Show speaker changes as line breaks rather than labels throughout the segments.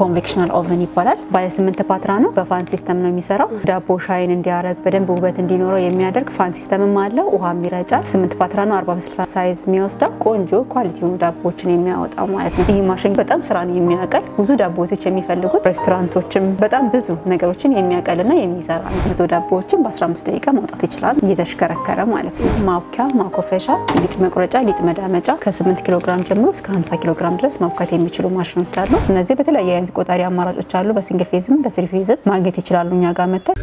ኮንቬክሽናል ኦቨን ይባላል። ባለ ስምንት ፓትራ ነው። በፋን ሲስተም ነው የሚሰራው። ዳቦ ሻይን እንዲያደርግ በደንብ ውበት እንዲኖረው የሚያደርግ ፋን ሲስተምም አለው። ውሃም ይረጫል። ስምንት ፓትራ ነው። አርባ ስልሳ ሳይዝ የሚወስደው ቆንጆ ኳሊቲ የሆኑ ዳቦዎችን የሚያወጣው ማለት ነው። ይህ ማሽን በጣም ስራን የሚያቀል ብዙ ዳቦዎች የሚፈልጉት ሬስቶራንቶችም በጣም ብዙ ነገሮችን የሚያቀልና የሚሰራ ነው። መቶ ዳቦዎችን በ15 ደቂቃ ማውጣት ይችላል፣ እየተሽከረከረ ማለት ነው። ማብኪያ፣ ማኮፈሻ፣ ሊጥ መቁረጫ፣ ሊጥ መዳመጫ ከ8 ኪሎ ግራም ጀምሮ እስከ 50 ኪሎ ግራም ድረስ ማብካት የሚችሉ ማሽኖች አሉ። እነዚህ በተለያየ አይነት ቆጣሪ አማራጮች አሉ። በሲንግል ፌዝም በስሪ ፌዝም ማግኘት ይችላሉ እኛ ጋር መጥተው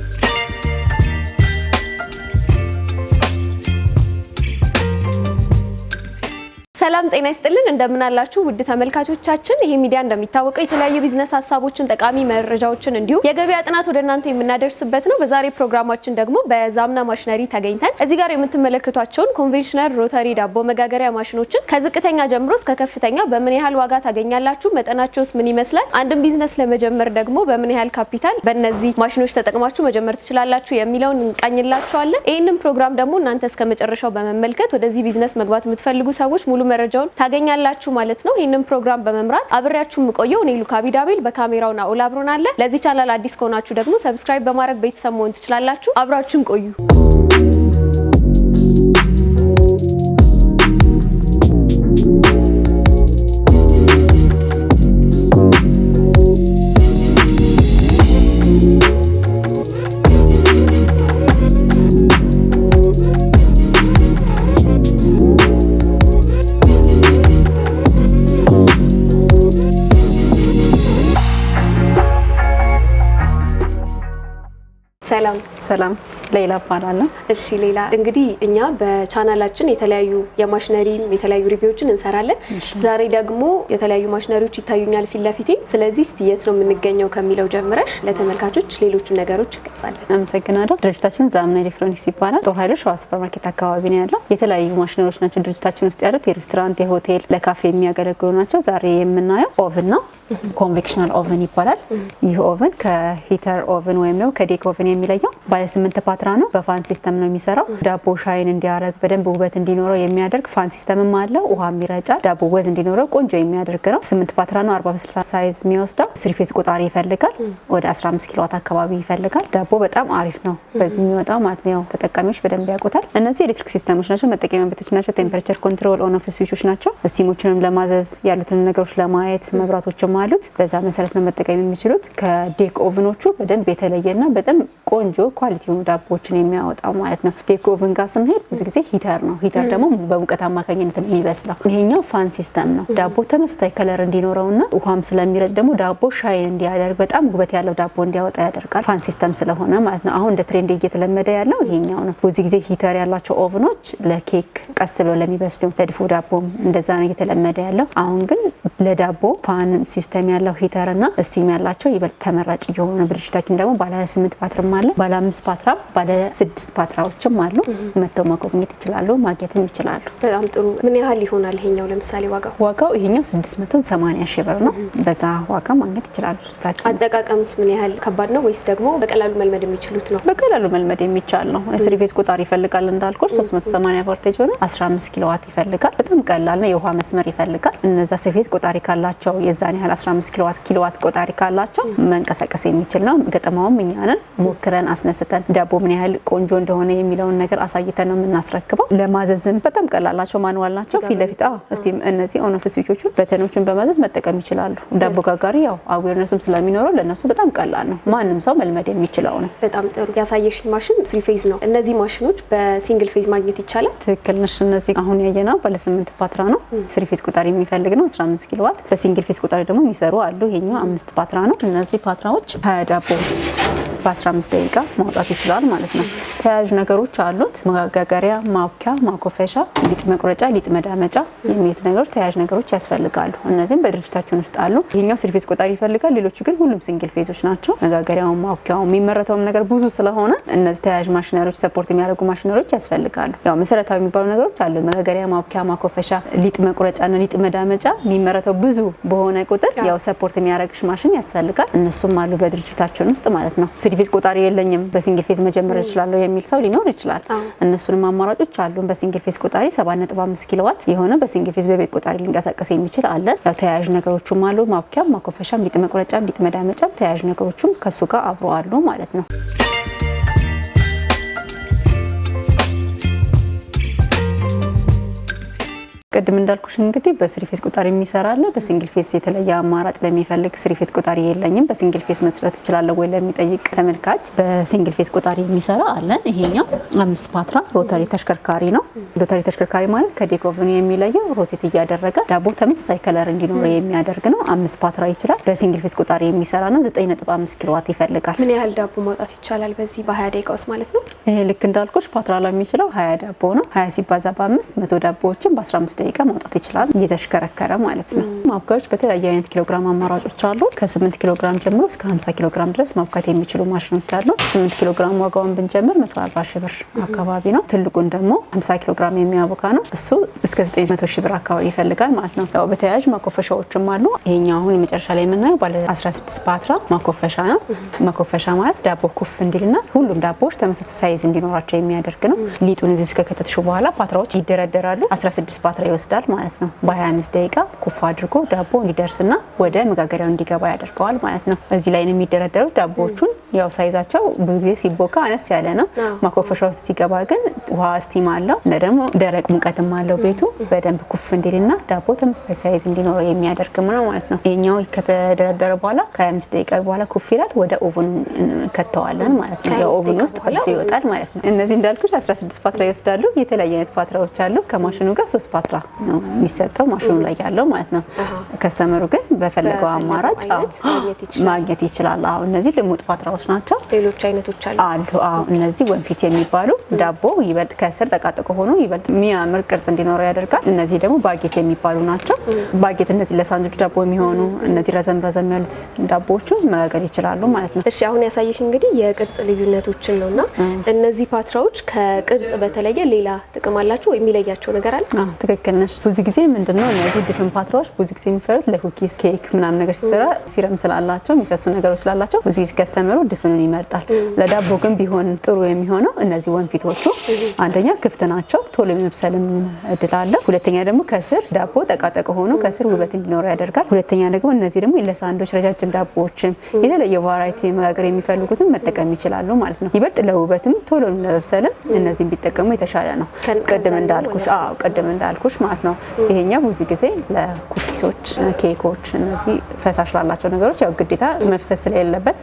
ሰላም ጤና ይስጥልን እንደምናላችሁ ውድ ተመልካቾቻችን። ይሄ ሚዲያ እንደሚታወቀው የተለያዩ ቢዝነስ ሀሳቦችን፣ ጠቃሚ መረጃዎችን እንዲሁም የገበያ ጥናት ወደ እናንተ የምናደርስበት ነው። በዛሬ ፕሮግራማችን ደግሞ በዛምና ማሽነሪ ተገኝተን እዚህ ጋር የምትመለከቷቸውን ኮንቬንሽናል ሮተሪ ዳቦ መጋገሪያ ማሽኖችን ከዝቅተኛ ጀምሮ እስከ ከፍተኛ በምን ያህል ዋጋ ታገኛላችሁ፣ መጠናቸውስ ምን ይመስላል፣ አንድን ቢዝነስ ለመጀመር ደግሞ በምን ያህል ካፒታል በእነዚህ ማሽኖች ተጠቅማችሁ መጀመር ትችላላችሁ የሚለውን እንቃኝላችኋለን። ይህንን ፕሮግራም ደግሞ እናንተ እስከ መጨረሻው በመመልከት ወደዚህ ቢዝነስ መግባት የምትፈልጉ ሰዎች ሙሉ መረጃውን ታገኛላችሁ ማለት ነው። ይህንን ፕሮግራም በመምራት አብሬያችሁ የምቆየው እኔ ሉካ ቢዳቤል፣ በካሜራውና ኦላ አብሮን አለ። ለዚህ ቻናል አዲስ ከሆናችሁ ደግሞ ሰብስክራይብ በማድረግ ቤተሰብ መሆን ትችላላችሁ። አብራችሁን ቆዩ። ሰላም ሌላ እባላለሁ።
እሺ ሌላ እንግዲህ እኛ በቻናላችን የተለያዩ የማሽነሪም የተለያዩ ሪቪዎችን እንሰራለን። ዛሬ ደግሞ የተለያዩ ማሽነሪዎች ይታዩኛል ፊት ለፊቴ። ስለዚህ እስቲ የት ነው የምንገኘው ከሚለው ጀምረሽ ለተመልካቾች ሌሎችን ነገሮች እንገልጻለን።
አመሰግናለሁ። ድርጅታችን ዛምና ኤሌክትሮኒክስ ይባላል። ጦር ኃይሎች ሸዋ ሱፐር ማርኬት አካባቢ ነው ያለው። የተለያዩ ማሽነሪዎች ናቸው ድርጅታችን ውስጥ ያሉት። የሬስቶራንት የሆቴል፣ ለካፌ የሚያገለግሉ ናቸው። ዛሬ የምናየው ኦቭን ነው። ኮንቬክሽናል ኦቨን ይባላል። ይህ ኦቨን ከሂተር ኦቨን ወይም ደግሞ ከዴክ ኦቨን የሚለየው ባለ ስምንት ፓተ ስራ ነው። በፋን ሲስተም ነው የሚሰራው። ዳቦ ሻይን እንዲያረግ በደንብ ውበት እንዲኖረው የሚያደርግ ፋን ሲስተምም አለው። ውሃም ይረጫል። ዳቦ ወዝ እንዲኖረው ቆንጆ የሚያደርግ ነው። ስምንት ፓትራ ነው። አርባ በስልሳ ሳይዝ የሚወስደው ስሪፌስ ቆጣሪ ይፈልጋል። ወደ 15 ኪሎዋት አካባቢ ይፈልጋል። ዳቦ በጣም አሪፍ ነው በዚህ የሚወጣው ማለት ነው። ተጠቃሚዎች በደንብ ያውቁታል። እነዚህ ኤሌክትሪክ ሲስተሞች ናቸው፣ መጠቀሚያ ቤቶች ናቸው፣ ቴምፐሬቸር ኮንትሮል ኦን ኦፍ ስዊቾች ናቸው። ስቲሞችንም ለማዘዝ ያሉትን ነገሮች ለማየት መብራቶችም አሉት። በዛ መሰረት ነው መጠቀም የሚችሉት። ከዴክ ኦቭኖቹ በደንብ የተለየና በጣም ቆንጆ ኳሊቲ ሆኑ ዳቦ ዳቦዎችን የሚያወጣው ማለት ነው። ዴኮ ኦቨን ጋር ስንሄድ ብዙ ጊዜ ሂተር ነው። ሂተር ደግሞ በሙቀት አማካኝነት የሚበስለው። ይሄኛው ፋን ሲስተም ነው። ዳቦ ተመሳሳይ ከለር እንዲኖረውና ውሃም ስለሚረጭ ደግሞ ዳቦ ሻይ እንዲያደርግ በጣም ውበት ያለው ዳቦ እንዲያወጣ ያደርጋል። ፋን ሲስተም ስለሆነ ማለት ነው። አሁን እንደ ትሬንድ እየተለመደ ያለው ይሄኛው ነው። ብዙ ጊዜ ሂተር ያላቸው ኦቨኖች ለኬክ ቀስ ብለው ለሚበስሉ ለድፎ ዳቦ እንደዛ ነው እየተለመደ ያለው። አሁን ግን ለዳቦ ፋን ሲስተም ያለው ሂተርና ስቲም ያላቸው ይበልጥ ተመራጭ እየሆኑ ነው። ደግሞ ባለ ስምንት ፓትርም አለ ባለ አምስት ፓትራም ባለ ስድስት ፓትራዎችም አሉ። መጥተው መጎብኘት ይችላሉ፣ ማግኘትም ይችላሉ።
በጣም ጥሩ። ምን ያህል ይሆናል ይሄኛው? ለምሳሌ ዋጋው
ዋጋው ይሄኛው ስድስት 680 ሺህ ብር ነው። በዛ ዋጋ ማግኘት ይችላሉ።
ታችን አጠቃቀምስ ምን ያህል ከባድ ነው ወይስ ደግሞ በቀላሉ መልመድ የሚችሉት ነው?
በቀላሉ መልመድ የሚቻል ነው። እስር ቤት ቁጣር ይፈልጋል እንዳልኩት 380 ቮልቴጅ ሆነ 15 ኪሎዋት ይፈልጋል። በጣም ቀላል ነው። የውሃ መስመር ይፈልጋል። እነዛ እስር ቤት ቆጣሪ ካላቸው የዛን ያህል 15 ኪሎዋት ኪሎዋት ቆጣሪ ካላቸው መንቀሳቀስ የሚችል ነው። ገጠማውም እኛንን ሞክረን አስነስተን ዳቦ ምን ያህል ቆንጆ እንደሆነ የሚለውን ነገር አሳይተን ነው የምናስረክበው። ለማዘዝም በጣም ቀላል ናቸው፣ ማንዋል ናቸው። ፊት ለፊት እስቲ እነዚህ ኦነፍ ስዊቾቹን በተኖቹን በማዘዝ መጠቀም ይችላሉ። ዳቦ ጋጋሪ ያው አዌርነሱም ስለሚኖረው ለእነሱ በጣም ቀላል ነው። ማንም ሰው መልመድ የሚችለው ነው።
በጣም ጥሩ ያሳየሽኝ ማሽን ስሪ ፌዝ ነው። እነዚህ ማሽኖች በሲንግል ፌዝ ማግኘት ይቻላል።
ትክክል ነሽ። እነዚህ አሁን ያየነው ባለስምንት ፓትራ ነው። ስሪ ፌዝ ቁጣሪ የሚፈልግ ነው 15 ኪሎዋት። በሲንግል ፌዝ ቁጣሪ ደግሞ የሚሰሩ አሉ። ይሄኛው አምስት ፓትራ ነው። እነዚህ ፓትራዎች ከዳቦ። በ15 ደቂቃ ማውጣት ይችላል ማለት ነው። ተያያዥ ነገሮች አሉት። መጋገሪያ፣ ማብኪያ፣ ማኮፈሻ፣ ሊጥ መቁረጫ፣ ሊጥ መዳመጫ የሚሉት ነገሮች ተያያዥ ነገሮች ያስፈልጋሉ። እነዚህም በድርጅታችን ውስጥ አሉ። ይሄኛው ስልፌት ቆጣሪ ይፈልጋል። ሌሎቹ ግን ሁሉም ሲንግል ፌዞች ናቸው። መጋገሪያውን፣ ማብኪያው የሚመረተውም ነገር ብዙ ስለሆነ እነዚህ ተያያዥ ማሽነሪዎች ሰፖርት የሚያደርጉ ማሽነሪዎች ያስፈልጋሉ። ያው መሰረታዊ የሚባሉ ነገሮች አሉ። መጋገሪያ፣ ማብኪያ፣ ማኮፈሻ፣ ሊጥ መቁረጫና ሊጥ መዳመጫ የሚመረተው ብዙ በሆነ ቁጥር ያው ሰፖርት የሚያደርግሽ ማሽን ያስፈልጋል። እነሱም አሉ በድርጅታችን ውስጥ ማለት ነው። እንግዲህ ቆጣሪ የለኝም በሲንግል ፌዝ መጀመር እችላለሁ የሚል ሰው ሊኖር ይችላል። እነሱንም አማራጮች አሉ። በሲንግል ፌዝ ቆጣሪ 7.5 ኪሎዋት የሆነ በሲንግል ፌዝ በቤት ቆጣሪ ሊንቀሳቀስ የሚችል አለ። ያው ተያያዥ ነገሮቹም አሉ። ማብኪያም፣ ማኮፈሻም፣ ሊጥ መቁረጫም፣ ሊጥ መዳመጫም ተያያዥ ነገሮቹም ከሱ ጋር አብሮ አሉ ማለት ነው። ቅድም እንዳልኩሽ እንግዲህ በስሪ ፌስ ቆጣሪ የሚሰራ አለ። በሲንግል ፌስ የተለየ አማራጭ ለሚፈልግ ስሪ ፌስ ቆጣሪ የለኝም በሲንግል ፌስ መስራት እችላለሁ ወይ ለሚጠይቅ ተመልካች በሲንግል ፌስ ቆጣሪ የሚሰራ አለን። ይሄኛው አምስት ፓትራ ሮተሪ ተሽከርካሪ ነው። ሮተሪ ተሽከርካሪ ማለት ከዴኮቭኑ የሚለየው ሮቴት እያደረገ ዳቦ ተመሳሳይ ከለር እንዲኖረ የሚያደርግ ነው። አምስት ፓትራ ይችላል። በሲንግል ፌስ ቆጣሪ የሚሰራ ነው። አምስት ኪሎዋት ይፈልጋል።
ምን ያህል ዳቦ ማውጣት ይቻላል በዚህ በሀያ ደቂቃ ውስጥ ማለት ነው?
ይሄ ልክ እንዳልኩሽ ፓትራ ለሚችለው የሚችለው ዳቦ ነው። ሀያ ሲባዛ በአምስት መቶ ዳቦዎችን በአስራ አምስት ደቂቃ ማውጣት ይችላል፣ እየተሽከረከረ ማለት ነው። ማብካዮች በተለያየ አይነት ኪሎግራም አማራጮች አሉ። ከ8 ኪሎግራም ጀምሮ እስከ 50 ኪሎግራም ድረስ ማብካት የሚችሉ ማሽኖች አሉ። 8 ኪሎግራም ዋጋውን ብንጀምር 140 ሺ ብር አካባቢ ነው። ትልቁን ደግሞ 50 ኪሎግራም የሚያቦካ ነው። እሱ እስከ 900 ሺ ብር አካባቢ ይፈልጋል ማለት ነው። ያው በተያያዥ ማኮፈሻዎችም አሉ። ይሄኛው አሁን የመጨረሻ ላይ የምናየው ባለ 16 ፓትራ ማኮፈሻ ነው። ማኮፈሻ ማለት ዳቦ ኩፍ እንዲልና ሁሉም ዳቦዎች ተመሳሳይ ሳይዝ እንዲኖራቸው የሚያደርግ ነው። ሊጡን እዚህ እስከከተትሹ በኋላ ፓትራዎች ይደረደራሉ። 16 ፓትራ ይወስዳል ማለት ነው። በ25 ደቂቃ ኩፍ አድርጎ ዳቦ እንዲደርስና ወደ መጋገሪያው እንዲገባ ያደርገዋል ማለት ነው። እዚህ ላይ የሚደረደሩት ዳቦዎቹን። ያው ሳይዛቸው ብዙ ጊዜ ሲቦካ አነስ ያለ ነው። ማኮፈሻ ውስጥ ሲገባ ግን ውሃ ስቲም አለው እና ደግሞ ደረቅ ሙቀትም አለው ቤቱ በደንብ ኩፍ እንዲልና ዳቦ ተመሳሳይ ሳይዝ እንዲኖረው የሚያደርግም ነው ማለት ነው። ይሄኛው ከተደረደረ በኋላ ከ25 ደቂቃ በኋላ ኩፍ ይላል። ወደ ኦቭኑ ከተዋለን ማለት ነው። የኦቨን ውስጥ በስሎ ይወጣል ማለት ነው። እነዚህ እንዳልኩሽ 16 ፓትራ ይወስዳሉ። የተለያዩ አይነት ፓትራዎች አሉ። ከማሽኑ ጋር ሶስት ፓትራ ነው የሚሰጠው ማሽኑ ላይ ያለው ማለት ነው። ከስተመሩ ግን በፈለገው አማራጭ ማግኘት ይችላል። አሁን እነዚህ ልሙጥ ፓትራዎች ናቸው።
ሌሎች አይነቶች
አሉ አሉ። እነዚህ ወንፊት የሚባሉ ዳቦ ይበልጥ ከስር ጠቃጥቆ ሆኖ ይበልጥ የሚያምር ቅርጽ እንዲኖረው ያደርጋል። እነዚህ ደግሞ ባጌት የሚባሉ ናቸው። ባጌት እነዚህ ለሳንዱች ዳቦ የሚሆኑ እነዚህ ረዘም ረዘም ያሉት ዳቦዎቹ መጋገር ይችላሉ ማለት ነው።
እሺ አሁን ያሳየሽ እንግዲህ የቅርጽ ልዩነቶችን ነው እና እነዚህ ፓትራዎች ከቅርጽ በተለየ ሌላ ጥቅም አላቸው ወይም የሚለያቸው ነገር አለ?
ትክክል ልክነሽ። ብዙ ጊዜ ምንድነው እነዚህ ድፍን ፓትራዎች ብዙ ጊዜ የሚፈሩት ለኩኪስ ኬክ ምናምን ነገር ሲሰራ ሲረም ስላላቸው የሚፈሱ ነገሮች ስላላቸው ብዙ ጊዜ ከስተመሩ ድፍኑን ይመርጣል። ለዳቦ ግን ቢሆን ጥሩ የሚሆነው እነዚህ ወንፊቶቹ አንደኛ ክፍት ናቸው፣ ቶሎ የመብሰልም እድል አለ። ሁለተኛ ደግሞ ከስር ዳቦ ጠቃጠቅ ሆኖ ከስር ውበት እንዲኖረው ያደርጋል። ሁለተኛ ደግሞ እነዚህ ደግሞ ለሳንዶች ረጃጅም ዳቦዎችም የተለየ ቫራይቲ መጋገር የሚፈልጉትም መጠቀም ይችላሉ ማለት ነው። ይበልጥ ለውበትም ቶሎ ለመብሰልም እነዚህም ቢጠቀሙ የተሻለ ነው። ቅድም እንዳልኩሽ ቅድም እንዳልኩሽ ነገሮች ማለት ነው። ይሄኛው ብዙ ጊዜ ለኩኪሶች፣ ኬኮች እነዚህ ፈሳሽ ላላቸው ነገሮች ያው ግዴታ መፍሰስ ስለሌለበት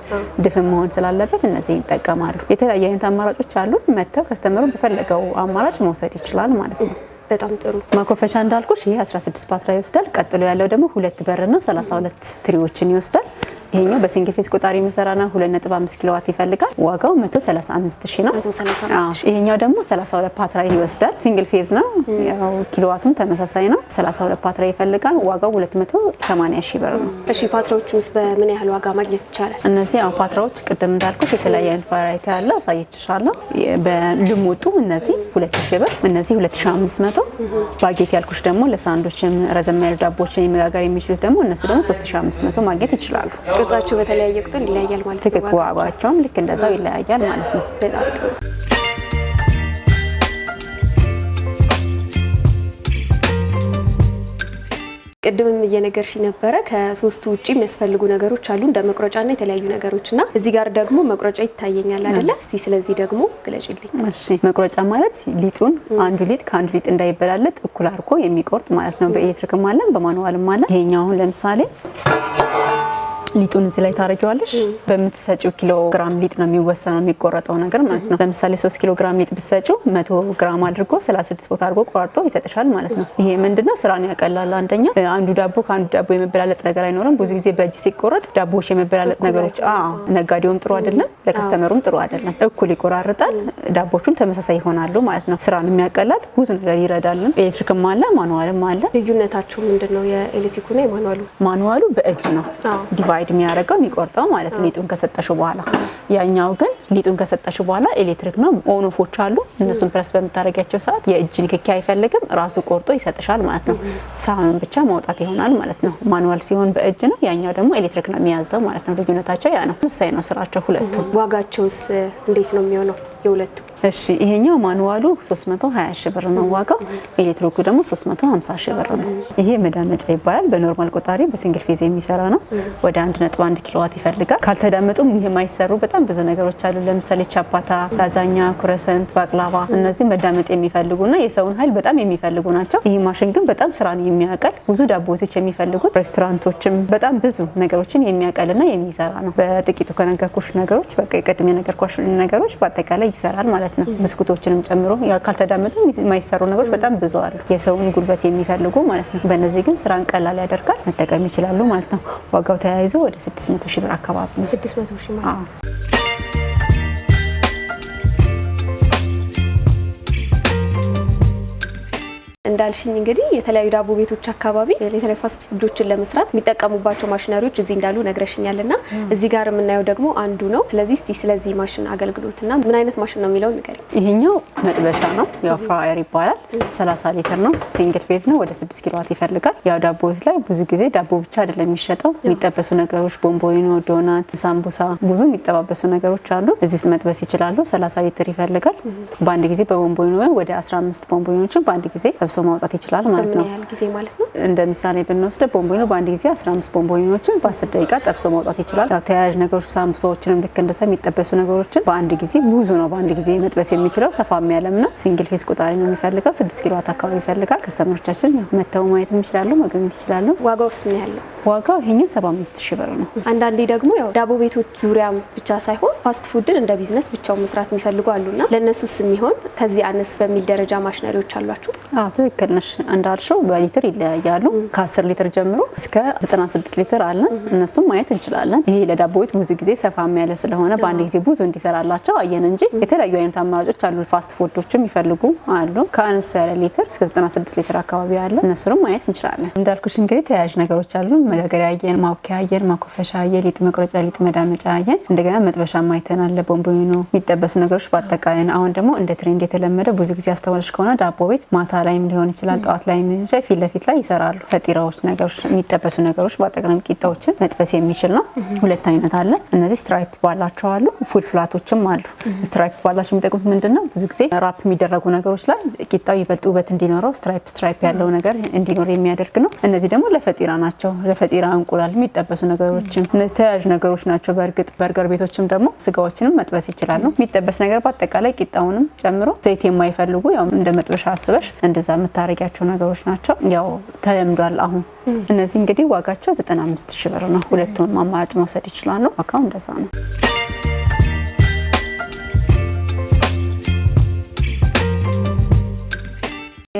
ድፍን መሆን ስላለበት እነዚህ ይጠቀማሉ። የተለያዩ አይነት አማራጮች አሉ። መጥተው ከስተመሩ በፈለገው አማራጭ መውሰድ ይችላል ማለት ነው። በጣም ጥሩ ማኮፈሻ እንዳልኩሽ ይሄ 16 ፓትራ ይወስዳል። ቀጥሎ ያለው ደግሞ ሁለት በር ነው፣ 32 ትሪዎችን ይወስዳል። ይሄኛው በሲንግል ፌዝ ቆጣሪ ነው። 2.5 ኪሎዋት ይፈልጋል። ዋጋው 135 ሺህ ነው። ይሄኛው ደግሞ 32 ፓትራ ይወስዳል። ሲንግል ፌዝ ነው። ያው ኪሎዋቱም ተመሳሳይ ነው። 32 ፓትራ ይፈልጋል። ዋጋው 280 ሺህ ብር ነው።
እሺ ፓትራዎቹስ በምን ያህል ዋጋ ማግኘት ይቻላል?
እነዚህ ያው ፓትራዎች ቅድም እንዳልኩሽ የተለያየ አይነት ቫራይቲ አለ፣ አሳየችሻለሁ። በልሙጡ እነዚህ 2000 ብር፣ እነዚህ 2500። ባጌት ያልኩሽ ደግሞ ለሳንዶችም ረዘም ያሉ ዳቦችን መጋገር የሚችሉት ደግሞ እነሱ ደግሞ 3500 ማግኘት ይችላሉ።
ቅርጻቸው በተለያየ ቁጥር ይለያያል ማለት ነው።
ትክክል። ዋጋቸውም ልክ እንደዛው ይለያያል ማለት ነው። በጣም ጥሩ።
ቅድምም እየነገርሽ ነበረ ከሶስቱ ውጭ የሚያስፈልጉ ነገሮች አሉ እንደ መቁረጫና የተለያዩ ነገሮች እና እዚህ ጋር ደግሞ መቁረጫ ይታየኛል አይደለ? እስቲ ስለዚህ ደግሞ ግለጭልኝ።
እሺ መቁረጫ ማለት ሊጡን አንዱ ሊጥ ከአንዱ ሊጥ እንዳይበላለጥ እኩል አድርጎ የሚቆርጥ ማለት ነው። በኤሌክትሪክም አለን በማኑዋልም አለን። ይሄኛው አሁን ለምሳሌ ሊጡን እዚህ ላይ ታረጊዋለሽ። በምትሰጪው ኪሎ ግራም ሊጥ ነው የሚወሰነው የሚቆረጠው ነገር ማለት ነው። ለምሳሌ ሶስት ኪሎ ግራም ሊጥ ብትሰጪው መቶ ግራም አድርጎ ሰላሳ ቦታ አድርጎ ቆራርጦ ይሰጥሻል ማለት ነው። ይሄ ምንድነው ስራን ያቀላል። አንደኛ አንዱ ዳቦ ከአንዱ ዳቦ የመበላለጥ ነገር አይኖርም። ብዙ ጊዜ በእጅ ሲቆረጥ ዳቦዎች የመበላለጥ ነገሮች ነጋዴውም ጥሩ አይደለም፣ ለከስተመሩም ጥሩ አይደለም። እኩል ይቆራርጣል፣ ዳቦቹም ተመሳሳይ ይሆናሉ ማለት ነው። ስራን ያቀላል፣ ብዙ ነገር ይረዳል። ኤሌክትሪክም አለ፣ ማኑዋልም አለ።
ልዩነታቸው ምንድን ነው? የማኑዋሉ
ማኑዋሉ በእጅ ነው ፕሮቫይድ የሚያደርገው የሚቆርጠው ማለት ነው፣ ሊጡን ከሰጠሽው በኋላ። ያኛው ግን ሊጡን ከሰጠሽው በኋላ ኤሌክትሪክ ነው። ኦኖፎች አሉ። እነሱን ፕረስ በምታደርጊያቸው ሰዓት የእጅ ንክኪ አይፈልግም። ራሱ ቆርጦ ይሰጥሻል ማለት ነው። ሳህኑን ብቻ ማውጣት ይሆናል ማለት ነው። ማኑዋል ሲሆን በእጅ ነው፣ ያኛው ደግሞ ኤሌክትሪክ ነው የሚያዘው ማለት ነው። ልዩነታቸው ያ ነው። ምሳይ ነው ስራቸው ሁለቱ።
ዋጋቸውስ እንዴት ነው የሚሆነው የሁለቱ?
እሺ ይሄኛው ማኑዋሉ 320 ሺህ ብር ነው ዋጋው። ኤሌክትሮኩ ደግሞ 350 ሺህ ብር ነው። ይሄ መዳመጫ ይባላል። በኖርማል ቆጣሪ በሲንግል ፌዝ የሚሰራ ነው። ወደ 1.1 ኪሎዋት ይፈልጋል። ካልተዳመጡ የማይሰሩ በጣም ብዙ ነገሮች አሉ። ለምሳሌ ቻፓታ፣ ላዛኛ፣ ኩረሰንት፣ ባቅላባ እነዚህ መዳመጥ የሚፈልጉና የሰውን ኃይል በጣም የሚፈልጉ ናቸው። ይህ ማሽን ግን በጣም ስራን የሚያቀል ብዙ ዳቦቶች የሚፈልጉት ሬስቶራንቶችም በጣም ብዙ ነገሮችን የሚያቀልና የሚሰራ ነው። በጥቂቱ ከነገርኩሽ ነገሮች በቃ የቀድሜ ነገርኳሽ ነገሮች በአጠቃላይ ይሰራል ማለት ነው። ማለት ነው። ብስኩቶችንም ጨምሮ ካልተዳመጡ የማይሰሩ ነገሮች በጣም ብዙ አሉ፣ የሰውን ጉልበት የሚፈልጉ ማለት ነው። በእነዚህ ግን ስራን ቀላል ያደርጋል፣ መጠቀም ይችላሉ ማለት ነው። ዋጋው ተያይዞ ወደ 600 ሺህ ብር አካባቢ ነው።
እንዳልሽኝ እንግዲህ የተለያዩ ዳቦ ቤቶች አካባቢ የተለያዩ ፋስት ፉዶችን ለመስራት የሚጠቀሙባቸው ማሽነሪዎች እዚህ እንዳሉ ነግረሽኛል እና እዚህ ጋር የምናየው ደግሞ አንዱ ነው። ስለዚህ እስቲ ስለዚህ ማሽን አገልግሎት አገልግሎትና ምን አይነት ማሽን ነው የሚለውን ንገሪ።
ይሄኛው መጥበሻ ነው፣ ያው ፍራየር ይባላል። 30 ሊትር ነው፣ ሲንግል ፌዝ ነው። ወደ 6 ኪሎዋት ይፈልጋል። ያው ዳቦ ቤት ላይ ብዙ ጊዜ ዳቦ ብቻ አይደለም የሚሸጠው፣ የሚጠበሱ ነገሮች ቦምቦይኖ፣ ዶናት፣ ሳምቡሳ፣ ብዙ የሚጠባበሱ ነገሮች አሉ። እዚህ ውስጥ መጥበስ ይችላሉ። 30 ሊትር ይፈልጋል። በአንድ ጊዜ በቦምቦይኖ ወይም ወደ 15 ቦምቦይኖችን በአንድ ጊዜ ጠብሶ መልሶ ማውጣት ይችላል ማለት ነው። እንደ ምሳሌ ብንወስደ ቦምቦይኖ በአንድ ጊዜ 15 ቦምቦይኖችን በ10 ደቂቃ ጠብሶ ማውጣት ይችላል። ያው ተያያዥ ነገሮች ሳምቡሳዎችንም ልክ እንደዛ የሚጠበሱ ነገሮችን በአንድ ጊዜ ብዙ ነው በአንድ ጊዜ መጥበስ የሚችለው ሰፋ የሚያለም ነው። ሲንግል ፌስ ቆጣሪ ነው የሚፈልገው። 6 ኪሎዋት አካባቢ ይፈልጋል። ከስተመሮቻችን መተው ማየት ይችላሉ፣ መገኘት ይችላሉ።
ዋጋው ምን ያለው? ነው?
ዋጋው ይሄኛው 75 ሺህ ብር ነው።
አንዳንዴ ደግሞ ያው ዳቦ ቤቶች ዙሪያም ብቻ ሳይሆን ፋስት ፉድን እንደ ቢዝነስ ብቻው መስራት የሚፈልጉ አሉና ለእነሱስ የሚሆን ከዚህ አነስ በሚል ደረጃ ማሽነሪዎች አሏቸው?
አዎ ትክክል ነሽ። እንዳልሽው በሊትር ይለያያሉ። ከ10 ሊትር ጀምሮ እስከ 96 ሊትር አለን። እነሱም ማየት እንችላለን። ይሄ ለዳቦ ቤት ብዙ ጊዜ ሰፋም ያለ ስለሆነ በአንድ ጊዜ ብዙ እንዲሰራላቸው አየን እንጂ የተለያዩ አይነት አማራጮች አሉ። ፋስት ፉዶችም ይፈልጉ አሉ። ከአነስ ያለ ሊትር እስከ 96 ሊትር አካባቢ አለ። እነሱንም ማየት እንችላለን። እንዳልኩሽ እንግዲህ ተያያዥ ነገሮች አሉ። መጋገሪያ አየን፣ ማውኪያ አየን፣ ማኮፈሻ አየን፣ ሊጥ መቁረጫ፣ ሊጥ መዳመጫ አየን። እንደገና መጥበሻ ማይተን አለ፣ ቦምቦኖ፣ የሚጠበሱ ነገሮች በአጠቃላይ አሁን ደግሞ እንደ ትሬንድ የተለመደ ብዙ ጊዜ አስተዋለች ከሆነ ዳቦ ቤት ማታ ላይም ሊሆን ይችላል። ጠዋት ላይ ምንሻይ ፊት ለፊት ላይ ይሰራሉ። ፈጢራዎች ነገሮች፣ የሚጠበሱ ነገሮች በአጠቅረም ቂጣዎችን መጥበስ የሚችል ነው። ሁለት አይነት አለ። እነዚህ ስትራይፕ ባላቸው አሉ፣ ፉል ፍላቶችም አሉ። ስትራይፕ ባላቸው የሚጠቅሙት ምንድን ነው? ብዙ ጊዜ ራፕ የሚደረጉ ነገሮች ላይ ቂጣው ይበልጥ ውበት እንዲኖረው ስትራይፕ ስትራይፕ ያለው ነገር እንዲኖር የሚያደርግ ነው። እነዚህ ደግሞ ለፈጢራ ናቸው። ለፈጢራ እንቁላል፣ የሚጠበሱ ነገሮችም እነዚህ ተያያዥ ነገሮች ናቸው። በእርግጥ በርገር ቤቶችም ደግሞ ስጋዎችንም መጥበስ ይችላሉ። የሚጠበስ ነገር በአጠቃላይ ቂጣውንም ጨምሮ ዘይት የማይፈልጉ ያው እንደ መጥበሻ አስበሽ እንደዛ የምታደርጊያቸው ነገሮች ናቸው። ያው ተለምዷል። አሁን እነዚህ እንግዲህ ዋጋቸው 95 ብር ነው። ሁለቱን አማራጭ መውሰድ ይችላሉ። ዋጋው እንደዛ ነው።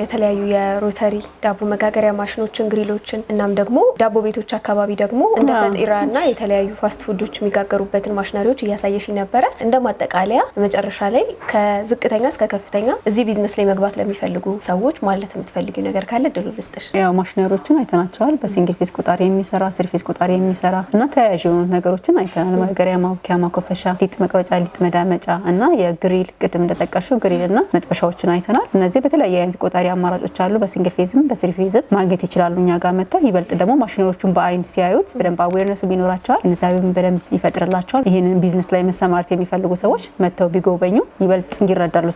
የተለያዩ የሮተሪ ዳቦ መጋገሪያ ማሽኖችን፣ ግሪሎችን እናም ደግሞ ዳቦ ቤቶች አካባቢ ደግሞ እንደ ፈጢራ እና የተለያዩ ፋስት ፉዶች የሚጋገሩበትን ማሽነሪዎች እያሳየሽ ነበረ። እንደ ማጠቃለያ መጨረሻ ላይ ከዝቅተኛ እስከ ከፍተኛ እዚህ ቢዝነስ ላይ መግባት ለሚፈልጉ ሰዎች ማለት የምትፈልጊው ነገር ካለ ድሉ ልስጥሽ።
ያው ማሽነሪዎችን አይተናቸዋል። በሲንግል ፌስ ቆጣሪ የሚሰራ ስሪ ፌስ ቆጣሪ የሚሰራ እና ተያያዥ የሆኑ ነገሮችን አይተናል። መጋገሪያ፣ ማቡኪያ፣ ማኮፈሻ፣ ሊጥ መቅበጫ፣ ሊጥ መዳመጫ እና የግሪል ቅድም እንደጠቀሹ ግሪል እና መጥበሻዎችን አይተናል። እነዚህ በተለያየ አይነት ቆጣሪ አማራጮች አሉ። በሲንግል ፌዝም በስሪ ፌዝም ማግኘት ይችላሉ። እኛ ጋር መጥተው ይበልጥ ደግሞ ማሽኖቹን በአይን ሲያዩት በደንብ አዌርነሱ ይኖራቸዋል። ግንዛቤም በደንብ ይፈጥርላቸዋል። ይህንን ቢዝነስ ላይ መሰማርት የሚፈልጉ ሰዎች መጥተው ቢጎበኙ ይበልጥ ስለ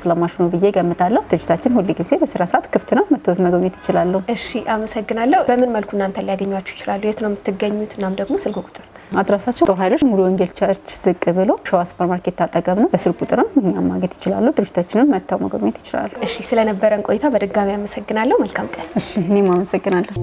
ስለማሽኑ ብዬ ገምታለሁ። ድርጅታችን ሁል ጊዜ በስራ ሰዓት ክፍት ነው። መጥተውት መጎብኘት ይችላሉ።
እሺ፣ አመሰግናለሁ። በምን መልኩ እናንተ ሊያገኟችሁ ይችላሉ? የት ነው የምትገኙት? እናም ደግሞ ስልክ ቁጥር
አድራሳችን ጦር ኃይሎች ሙሉ ወንጌል ቸርች ዝቅ ብሎ ሸዋ ሱፐር ማርኬት ታጠገብ ነው። በስልክ ቁጥርም እኛም ማግኘት ይችላሉ። ድርጅታችንን መጥተው መጎብኘት ይችላሉ።
እሺ፣ ስለነበረን ቆይታ በድጋሚ አመሰግናለሁ። መልካም ቀን።
እሺ፣ እኔም አመሰግናለሁ።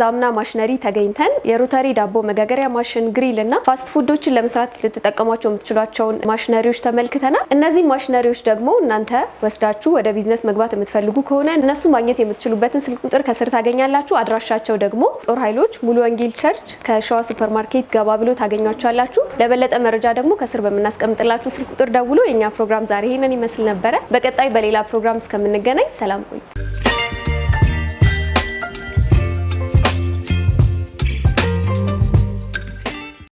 ዛምና ማሽነሪ ተገኝተን የሮተሪ ዳቦ መጋገሪያ ማሽን፣ ግሪል እና ፋስት ፉዶችን ለመስራት ልትጠቀሟቸው የምትችሏቸውን ማሽነሪዎች ተመልክተናል። እነዚህ ማሽነሪዎች ደግሞ እናንተ ወስዳችሁ ወደ ቢዝነስ መግባት የምትፈልጉ ከሆነ እነሱ ማግኘት የምትችሉበትን ስልክ ቁጥር ከስር ታገኛላችሁ። አድራሻቸው ደግሞ ጦር ኃይሎች ሙሉ ወንጌል ቸርች ከሸዋ ሱፐርማርኬት ገባ ብሎ ታገኟቸዋላችሁ። ለበለጠ መረጃ ደግሞ ከስር በምናስቀምጥላችሁ ስልክ ቁጥር ደውሎ የእኛ ፕሮግራም ዛሬ ይሄንን ይመስል ነበረ። በቀጣይ በሌላ ፕሮግራም እስከምንገናኝ ሰላም ቆዩ።